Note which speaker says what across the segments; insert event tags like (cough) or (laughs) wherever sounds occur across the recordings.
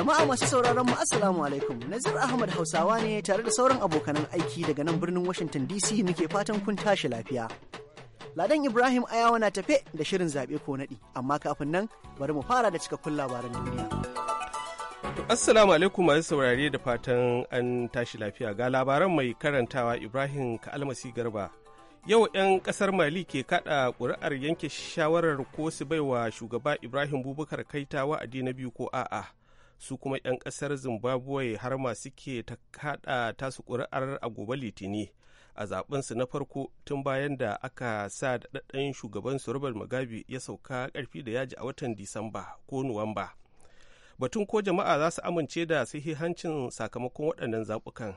Speaker 1: Jama'a masu sauraron mu Assalamu alaikum. Nazir Ahmad Hausawa ne tare da sauran abokanan aiki daga nan birnin Washington DC muke fatan kun tashi lafiya. Ladan Ibrahim Ayawa na tafe da shirin zaɓe ko naɗi, amma kafin nan bari mu fara da cikakkun labaran duniya. Assalamu
Speaker 2: alaikum masu saurare da fatan an tashi lafiya ga labaran mai karantawa Ibrahim Ka'almasi Garba. yau 'yan ƙasar mali ke kaɗa ƙuri'ar yanke shawarar ko su baiwa shugaba ibrahim bubakar kaita wa'adi na biyu ko a'a su kuma 'yan kasar zimbabwe har ma suke ta kaɗa tasu ƙuri'ar a gobe litini a su na farko tun bayan da aka sa daɗaɗɗen shugaban su robert mugabe ya sauka ƙarfi da yaji a watan disamba ko nuwamba batun ko jama'a za su amince da sahihancin sakamakon waɗannan zaɓukan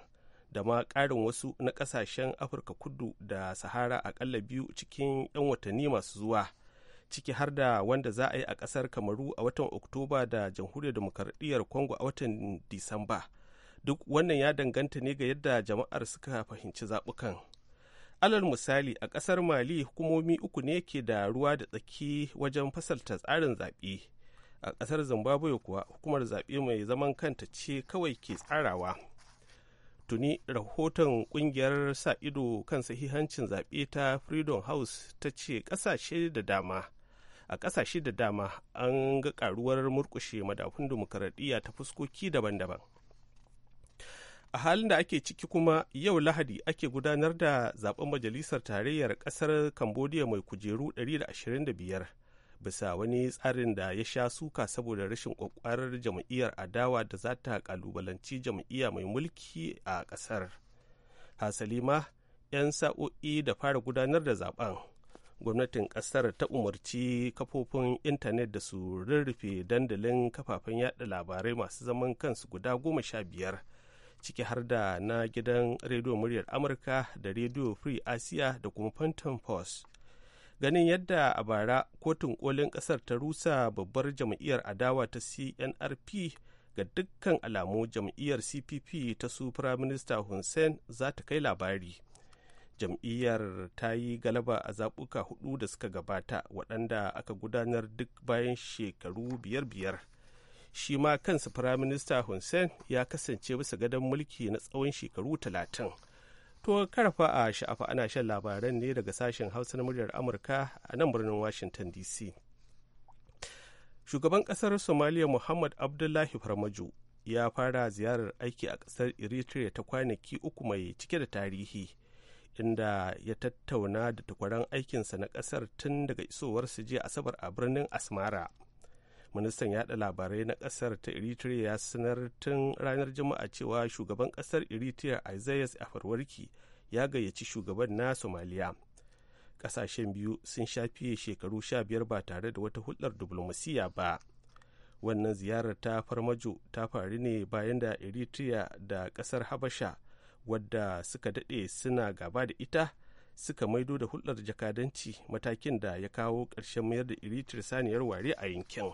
Speaker 2: da ma ƙarin wasu na ƙasashen afirka kudu da sahara aƙalla biyu cikin 'yan watanni masu zuwa ciki har da wanda za a yi a ƙasar kamaru a watan oktoba da jamhuriyar demokaradiyyar congo a watan disamba duk wannan ya danganta ne ga yadda jama'ar suka fahimci zabukan alal misali a ƙasar mali hukumomi uku ne ke da ruwa da tsaki wajen fasalta tsarin zaɓe a ƙasar zimbabwe kuwa hukumar zaɓe mai zaman kanta ce kawai ke tsarawa tuni rahoton ƙungiyar sa ido kan sahihancin zaɓe ta freedom house ta ce ƙasashe da dama a ƙasashe da dama an ga karuwar murkushe madafun dimokuraɗiyya ta fuskoki daban-daban a halin da ake ciki kuma yau lahadi ake gudanar da zaben majalisar tarayyar ƙasar cambodia mai kujeru 125 bisa wani tsarin da ya sha suka saboda rashin kwakwarar jam'iyyar adawa da za ta kalubalanci jam'iyya mai mulki a ƙasar hasalima 'yan sa'o'i da fara gudanar da zaben gwamnatin kasar ta umarci kafofin intanet da su rurrufe dandalin kafafen yada labarai masu zaman kansu guda goma sha biyar ciki har da na gidan rediyo muryar amurka da rediyo free asia da kuma phantom post ganin yadda a bara kotun kolin kasar ta rusa babbar jam'iyyar adawa ta cnrp ga dukkan alamu jam'iyyar cpp ta su firaminista hussein za ta kai labari jam'iyyar ta yi galaba a zaɓuka hudu da suka gabata waɗanda aka gudanar duk bayan shekaru biyar-biyar shi ma kansa firaminista hussein ya kasance bisa gadon mulki na tsawon shekaru talatin to karfa a sha'afa ana shan labaran ne daga sashen hausa na muryar amurka a nan birnin washington dc shugaban kasar somalia muhammad abdullahi farmajo ya fara ziyarar aiki a kasar eritrea ta kwanaki uku mai cike da tarihi inda ya tattauna da takwaran aikinsa na kasar tun daga isowarsu jiya asabar a birnin asmara ministan yada labarai na kasar ta eritrea ya sanar tun ranar jama'a cewa shugaban kasar eritrea isaias afarwarki ya gayyaci shugaban na somaliya kasashen biyu sun shafiye shekaru sha biyar ba tare da wata hulɗar diplomasiya ba wannan ziyarar ta farmajo ta faru ne bayan da eritrea da kasar habasha wadda suka daɗe suna gaba da ita suka maido da hulɗar jakadanci matakin da ya kawo ƙarshen mayar da iritir saniyar ware a yankin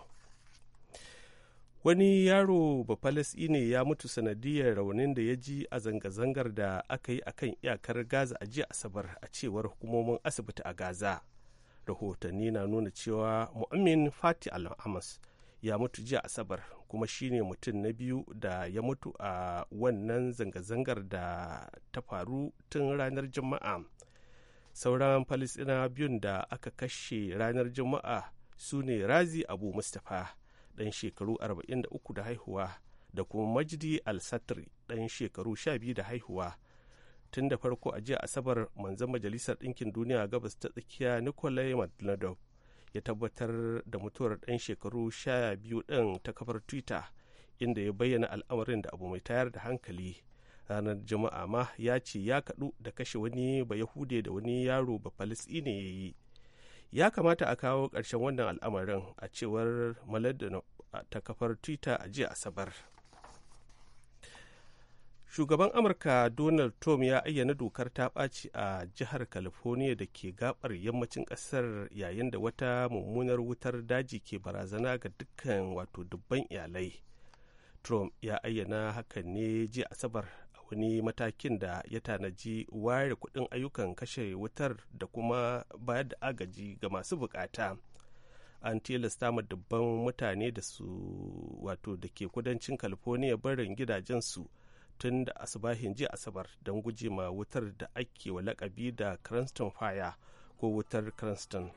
Speaker 2: wani yaro ne ya mutu sanadiyar raunin da ya ji a zanga-zangar da aka yi a kan iyakar gaza a jiya asabar a cewar hukumomin asibiti a gaza rahotanni na nuna cewa mu'amin fati al ya mutu jiya asabar kuma shine mutum na biyu da ya mutu a wannan zanga-zangar da ta faru tun ranar juma'a sauran falisina biyun da aka kashe ranar juma'a su ne razi abu mustapha ɗan shekaru 43 da haihuwa da kuma majdi al-satri ɗan shekaru 12 da haihuwa tun da farko a jiya asabar manzan majalisar ɗinkin duniya gabas ta tsakiya nikolai madladov ya tabbatar da mutuwar ɗan shekaru sha biyu ɗin ta kafar twitter inda ya bayyana al'amarin da abu mai tayar da hankali ranar juma'a ma ya ce ya kaɗu da kashe wani bayahude da wani yaro ba ne ya yi ya kamata a kawo ƙarshen wannan al'amarin a cewar maladano ta kafar twitter a jiya asabar shugaban amurka donald trump ya ayyana dokar ta ɓaci a jihar california da ke gabar yammacin ƙasar yayin da wata mummunar wutar daji ke barazana ga dukkan wato dubban iyalai trump ya ayyana hakan ne ji asabar a wani matakin da ya tanaji ware kudin ayyukan kashe wutar da kuma bayar da agaji ga masu bukata an tilasta ma dubban mutane da su wato da ke kudancin california barin gidajensu tun da asibahin jiya asabar don guje ma wutar da ake wa lakabi da cranston fire ko wutar cranston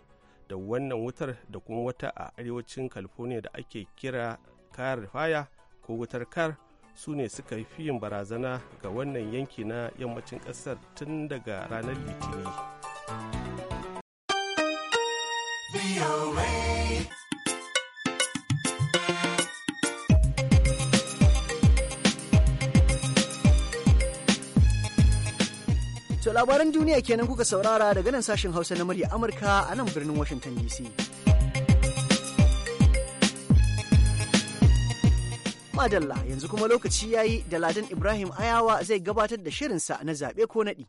Speaker 2: da wannan wutar da kuma wata a arewacin california da ake kira car fire ko wutar kar su ne suka fi yin barazana ga wannan yanki na yammacin kasar tun daga ranar litini.
Speaker 1: labaran duniya kenan kuka saurara daga nan sashen hausa na murya amurka a nan birnin washington dc madalla yanzu kuma lokaci ya yi da ladan ibrahim ayawa zai gabatar da shirinsa na zaɓe ko naɗi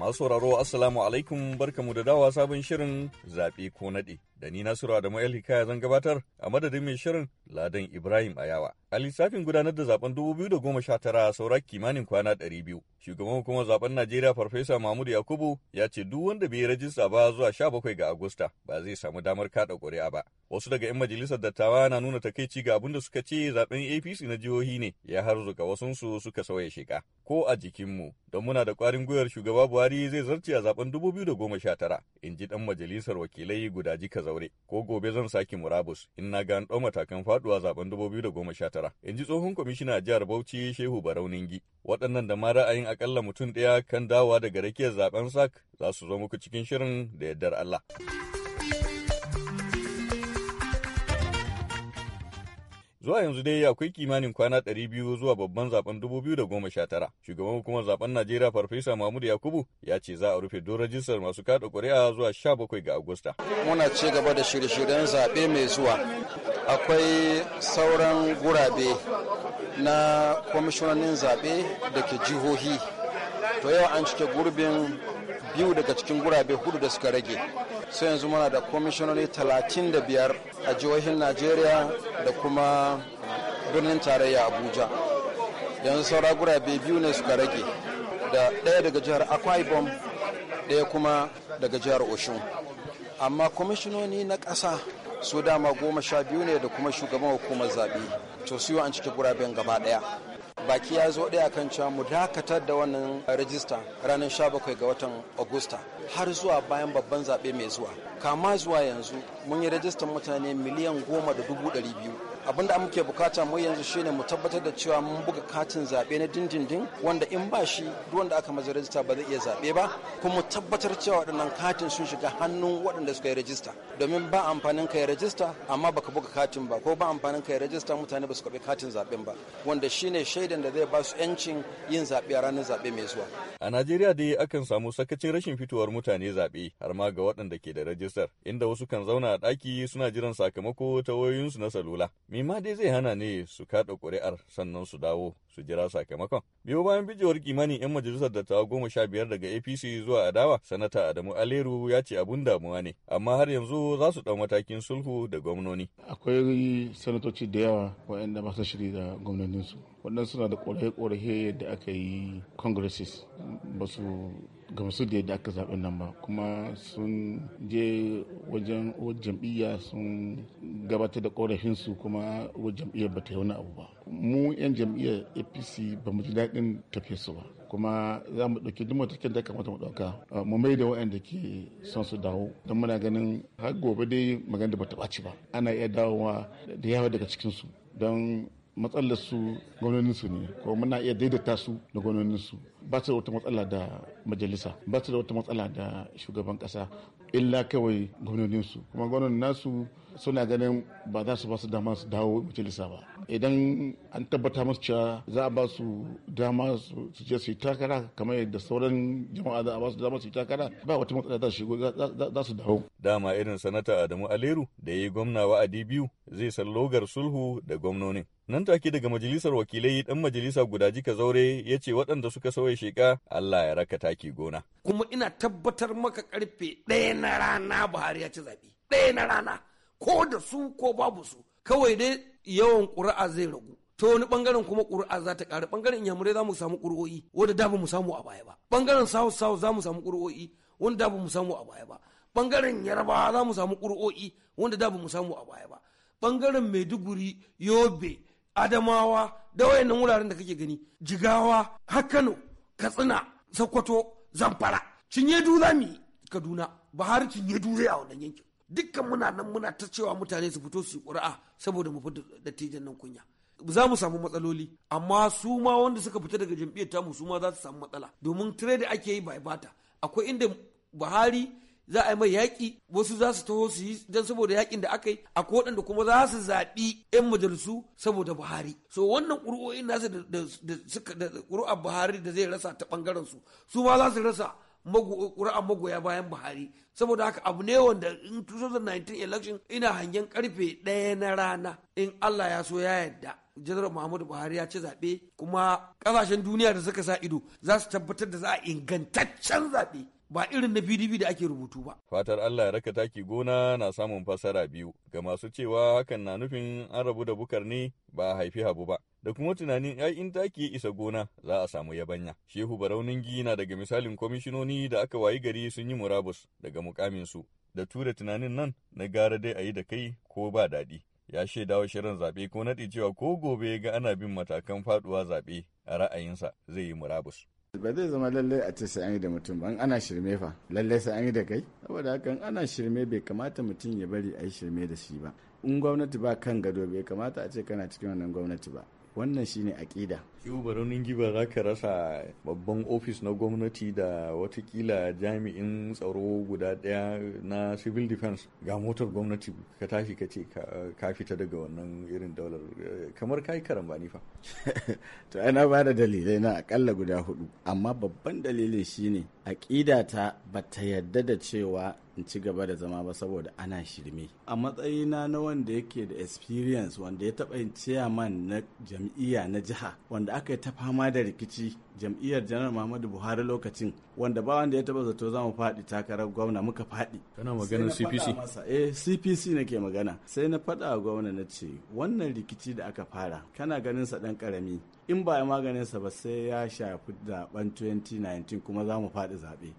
Speaker 3: masu sauraro assalamu alaikum barkamu da dawa sabon shirin zaɓe ko naɗe, da ni nasiru adamu el hikaya zan gabatar a madadin mai shirin Ladan Ibrahim Ayawa. A lissafin gudanar da zaben 2019 saura kimanin kwana 200. Shugaban hukumar zaben Najeriya Farfesa Mahmud Yakubu ya ce duk wanda bai rajista ba zuwa 17 ga Agusta ba zai samu damar kada ƙuri'a ba. Wasu daga 'yan majalisar dattawa na nuna takaici ga abin da suka ce zaben APC na jihohi ne ya harzuka wasunsu suka sauya shiga. Ko a jikinmu don muna da ƙwarin gwiwar shugaba Buhari zai zarce a zaben 2019 in ji ɗan majalisar wakilai guda jika zaure. Ko gobe zan sake murabus in na ga an ɗau matakan faɗo faduwa zaben 2019 in ji tsohon kwamishina jihar Bauchi Shehu Barauningi waɗannan da ma ra'ayin akalla mutum ɗaya kan dawowa daga rakiyar zaben sak za su zo muku cikin shirin da yardar Allah. Zuwa yanzu dai akwai kimanin kwana 200 zuwa babban zaben 2019. Shugaban hukumar zaben Najeriya Farfesa Mahmud Yakubu ya ce za a rufe don rajistar masu kada kuri'a zuwa 17 ga Agusta. Muna ci gaba da shirye-shiryen zaɓe mai zuwa. Akwai sauran gurabe
Speaker 4: na kwamishinanin zaɓe da ke jihohi. To yau an cike gurbin biyu daga cikin gurabe hudu da suka rage. sai yanzu muna da kwamishinoni 35 a jihohin najeriya da kuma birnin tarayya abuja yanzu saura gurabe biyu ne suka rage da ɗaya daga jihar akwa ibom ɗaya kuma daga jihar oshun amma kwamishinoni na ƙasa su dama goma sha biyu ne da kuma shugaban hukumar zaɓe to su yi an cike guraben gaba ɗaya baki ya zo ɗaya kan cewa mu dakatar da wannan rajista ranar 17 ga watan Agusta har zuwa bayan babban zaɓe mai zuwa. Kama zuwa yanzu mun yi rajistan mutane miliyan goma da dubu ɗari biyu. abin da muke bukata mu yanzu shine mu tabbatar da cewa mun buga katin zaɓe na dindindin wanda in ba shi duk wanda aka maza rajista ba zai iya zaɓe ba kuma tabbatar cewa waɗannan katin sun shiga hannun waɗanda suka yi rajista domin ba amfanin ka yi rajista amma baka buga katin ba ko ba amfanin ka yi rajista mutane ba su karɓi katin zaɓen ba wanda shine shaidan da zai ba su 'yancin yin zaɓe a ranar zaɓe mai zuwa.
Speaker 3: A Najeriya dai akan samu sakacin rashin fitowar mutane zaɓe har ma ga waɗanda ke da rajistar inda wasu kan zauna a ɗaki suna jiran sakamako ta wayoyinsu na salula. Me ma dai zai hana ne su kaɗa ƙuri'ar sannan su dawo su jira sakamakon. Biyo bayan bijewar kimanin 'yan majalisar dattawa goma sha biyar daga APC zuwa adawa, Sanata Adamu Aleru ya ce abun damuwa ne, amma har yanzu za su ɗau matakin sulhu da gwamnoni.
Speaker 5: Akwai sanatoci da yawa waɗanda ba su shiri da gwamnoninsu. Waɗannan suna da ƙorafi-ƙorafi da aka yi congresses ba su gamsu da yadda aka zaɓi nan ba kuma sun je wajen jam'iyya sun gabatar da ƙorafinsu kuma wajen jam'iyyar ba ta yi wani abu ba mu 'yan jam'iyyar apc ba mu ji daɗin tafiya su ba kuma za mu ɗauki duk matakin da kamata mu ɗauka mu mai da waɗanda ke son su dawo don muna ganin har gobe dai magana da ba ta ɓaci ba ana iya dawowa da yawa daga cikinsu don matsalar su gwamnonin su ne ko muna iya daidaita su da gwamnonin su ba su da wata matsala da majalisa ba su da wata matsala da shugaban kasa illa kawai gwamnonin su kuma gwamnonin nasu suna ganin ba za su ba su dama su dawo majalisa ba idan an tabbata masu cewa za a ba su dama su je su yi takara kamar yadda sauran
Speaker 3: jama'a za a ba su dama su yi takara ba wata matsala za su shigo za su dawo dama irin sanata Adamu Aleru da ya yi gwamna wa'adi biyu zai san logar sulhu da gwamnonin Nan take daga majalisar wakilai dan majalisa guda jika zaure ya ce waɗanda suka sauya sheka Allah ya raka taki gona.
Speaker 6: Kuma ina tabbatar maka karfe ɗaya na rana Buhari ya ci zaɓe. Ɗaya na rana ko da su ko babu su. Kawai dai yawan ƙuri'a zai ragu. To wani ɓangaren kuma ƙuri'a za ta ƙara ɓangaren inyamurai za mu samu ƙuri'o'i wanda da ba mu samu a baya ba Ɓangaren south south za mu samu ƙuri'o'i wanda da ba mu samu a baya ba Ɓangaren yarbawa za mu samu ƙuri'o'i wanda da ba mu samu a baya ba bangaren maiduguri yobe adamawa da wayannan wuraren da kake gani jigawa Hakano, katsina sokoto zamfara cinye du za mu yi kaduna buhari cinye dure a wannan yankin dukkan muna nan muna ta cewa mutane su fito su yi ƙuri'a saboda mu da dattijan nan kunya za mu samu matsaloli amma su ma wanda suka fita daga jam'iyyar tamu su ma za su samu matsala domin tire ake yi bai bata akwai inda buhari za a yi mai yaƙi wasu za su taho su yi don saboda yaƙin da aka yi a waɗanda kuma za su zaɓi 'yan majalisu saboda buhari so wannan ƙuri'o'in nasu da suka da ƙuri'ar buhari da zai rasa ta ɓangaren su su ma za su rasa ƙuri'ar magoya bayan buhari saboda haka abu ne wanda in 2019 election ina hangen karfe ɗaya na rana in allah ya so ya yarda janar muhammadu buhari ya ci zaɓe kuma ƙasashen duniya da suka sa ido za su tabbatar da za a ingantaccen zaɓe ba irin na PDP da ake rubutu ba.
Speaker 3: Fatar Allah ya raka taki gona na samun fasara biyu ga masu cewa hakan na nufin an rabu da bukar ne ba a haifi habu ba. Da kuma tunanin ai in taki ya isa gona za a samu yabanya. Shehu Baraunin na daga misalin kwamishinoni da aka wayi gari sun yi murabus daga mukamin su. Da tura tunanin nan na gara dai a yi da kai ko ba daɗi. ya shaida wa shirin zaɓe ko naɗi cewa ko gobe ga ana bin matakan faɗuwa zaɓe a ra'ayinsa zai yi murabus.
Speaker 5: ba zai zama lallai a ce sai an yi da mutum ba ana shirme fa lallai sai an yi da kai saboda haka ana shirme bai kamata mutum ya bari a yi shirme da shi ba in gwamnati ba kan gado bai kamata a ce kana cikin wannan gwamnati ba wannan shine aƙida
Speaker 3: yau baronin giba za ka rasa babban ofis na gwamnati da watakila jami'in tsaro guda ɗaya na civil defense ga motar gwamnati ka tashi ka ce ka fita daga wannan irin daular kamar ka yi karambani fa
Speaker 5: (laughs) to ana ba da dalilai na akalla guda hudu amma babban dalilin shine aƙida ta ba ta yadda da cewa in ci gaba da zama ba saboda ana shirme a matsayina na wanda yake da experience wanda ya taɓa yin chairman na jam'iyya na jiha wanda aka yi ta fama da rikici jam'iyyar janar muhammadu buhari lokacin wanda ba wanda ya taɓa zato za mu faɗi takarar gwamna muka faɗi kana maganar cpc eh cpc nake magana sai na faɗa wa gwamna na ce wannan rikici da aka fara kana ganin sa ɗan ƙarami in ba ya maganin sa ba sai ya shafi zaben 2019 kuma za mu faɗi
Speaker 3: zaɓe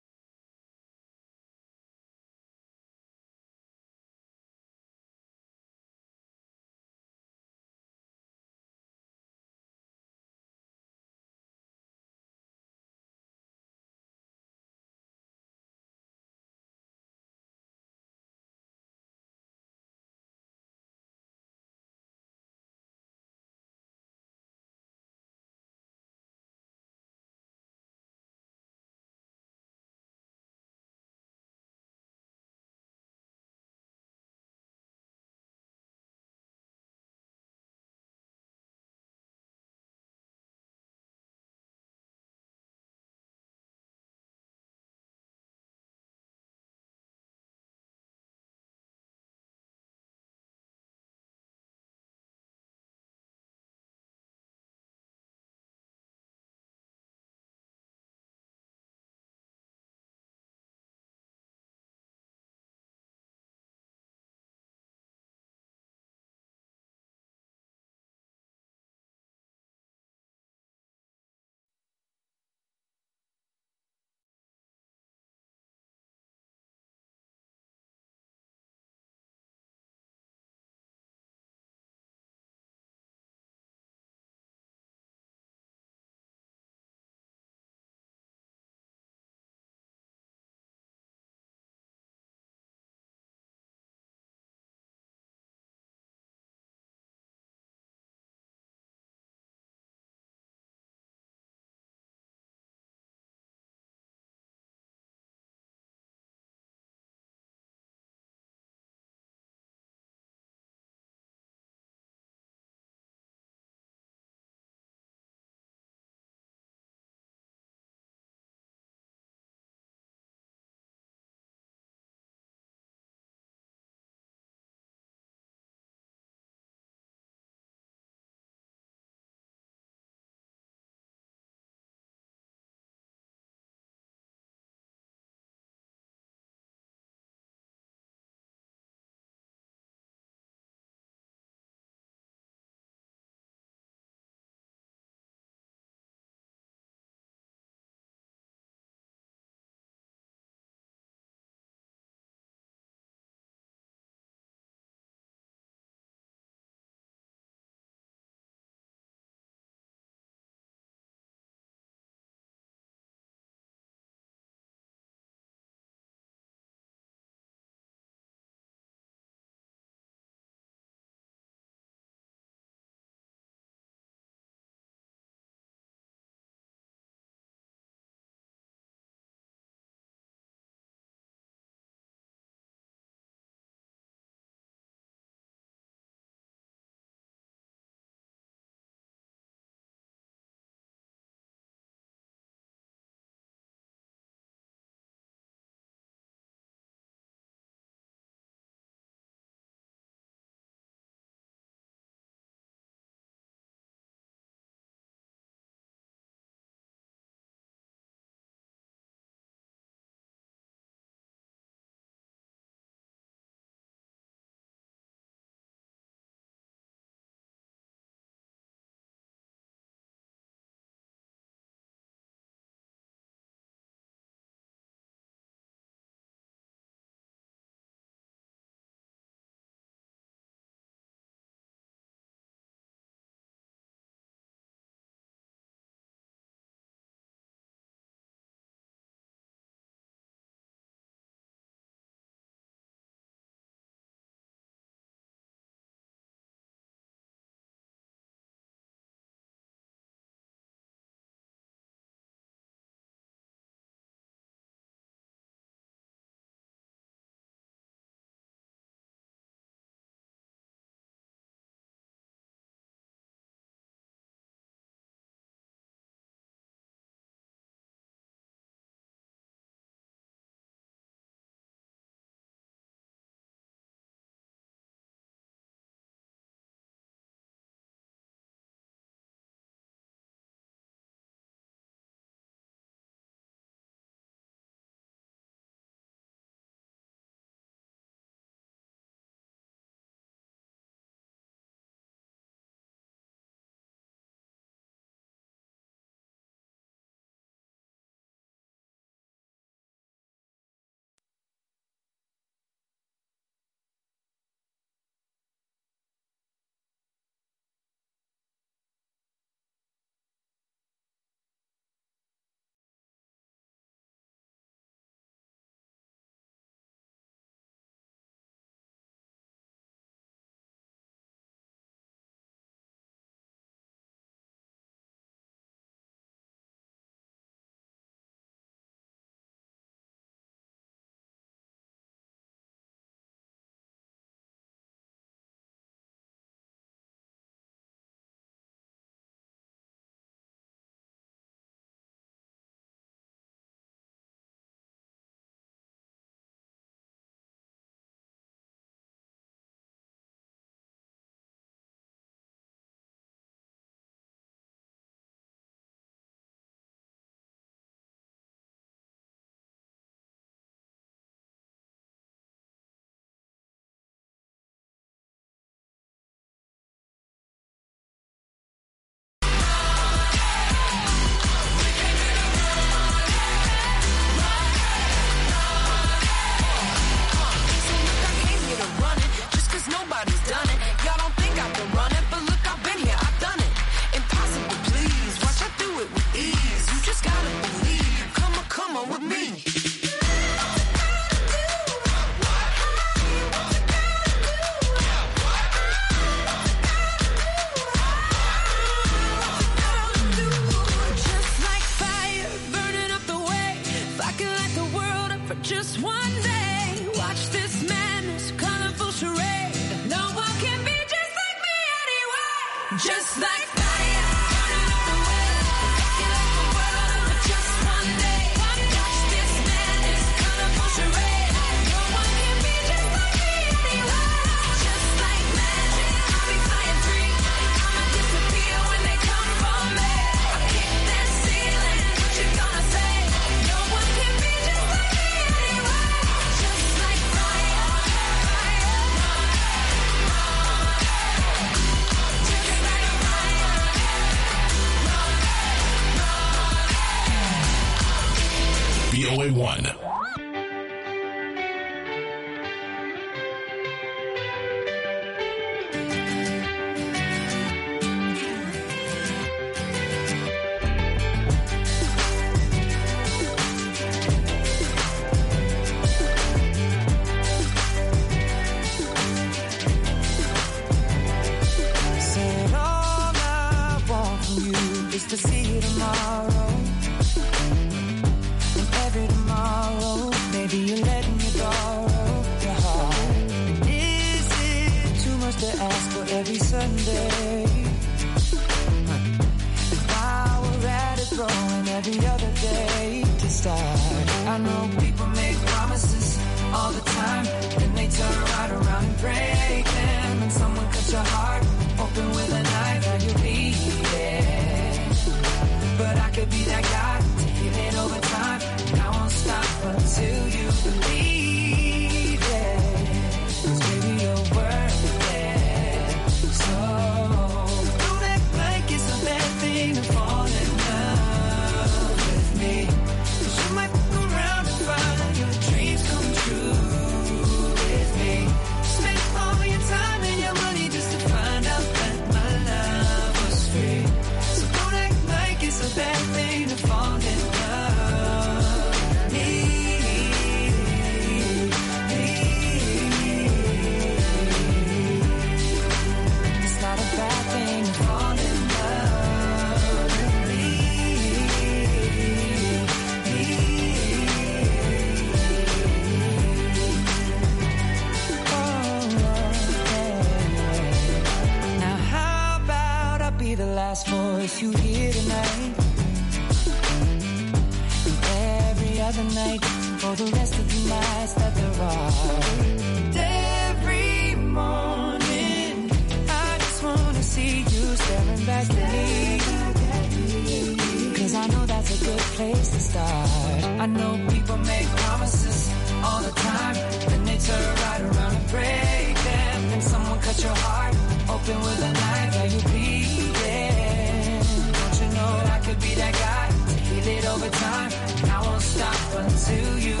Speaker 7: over time. I won't stop until you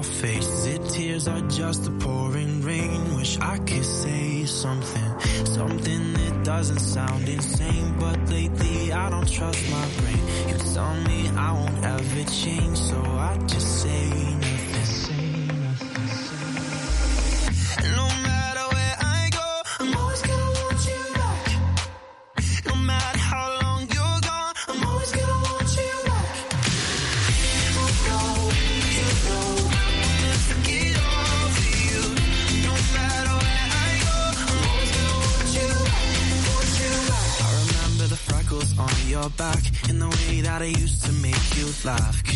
Speaker 7: our faces. It tears are just a pouring rain. Wish I could say something, something that doesn't sound insane. But lately I don't trust my brain. You tell me I won't ever change, so I just say life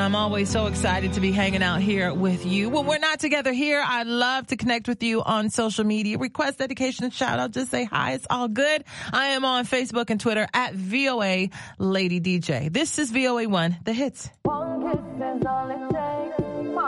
Speaker 4: and I'm always so excited to be hanging out here with you. When we're not together here, I love to connect with you on social media. Request, dedication, shout out, just say hi. It's all good. I am on Facebook and Twitter at VOA Lady DJ. This is VOA One, the hits.
Speaker 7: One